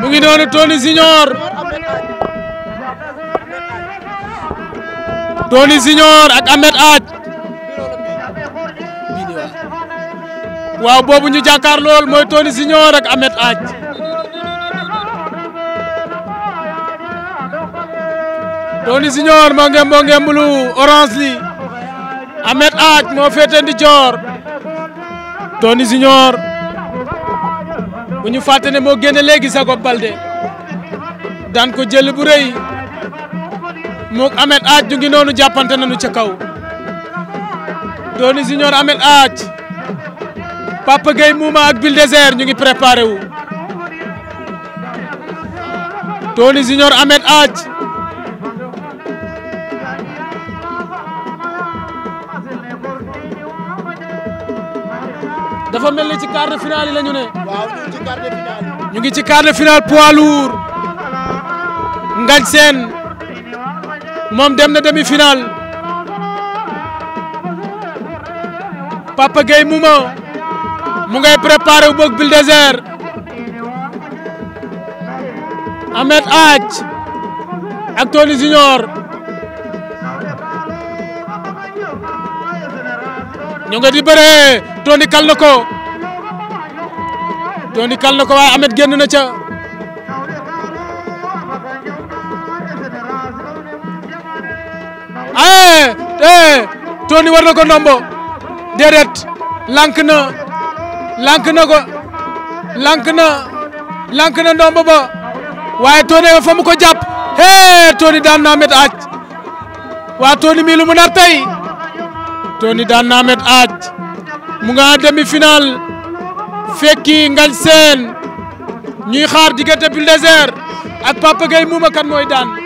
mu ngi noonu Tony Junior Tony Junior ak Ahmed Ath waaw boobu ñu jàkkaar lool mooy Tony Junior ak Ahmed Aidj Tony Junior moo ngem moo ngem lu orange moo féete ndi joor Tony Junior bu ñu fàtte moo génne léegi Jacob Baldé daan ko jël bu rëy mook Ahmed Aidj noonu jàppante nañu ca kaw Tony Junior Ahmed Papa Gueye Mouma ak Bulldozer ñu ngi préparé wu. Tony Junior Ahmed Aaj. dafa mel ci quart de finale yi ñu ne. ñu ngi ci quart de finale. ñu ngi ci quart de dem na demi-finale. Papa Gueye mu ngay préparé wu bëgg Buldozer Ahmed Aaj ak Tony Junior ñu nga di bëree Tony kal na ko Tony kal na ko waaye Ahmed na ca ae eh, eh, Tony war na ko ndombo déedéet lànk na lank na ko lank na lank na ndomb ba waaye Tony nga fa mu ko jàpp hee Tony daan na met aaj waa Tony mii mu nar tey Tony daan na met aaj mu nga demi final fekki ngañ seen ñuy xaar diggante Bulldozer ak Papa muuma kan mooy daan.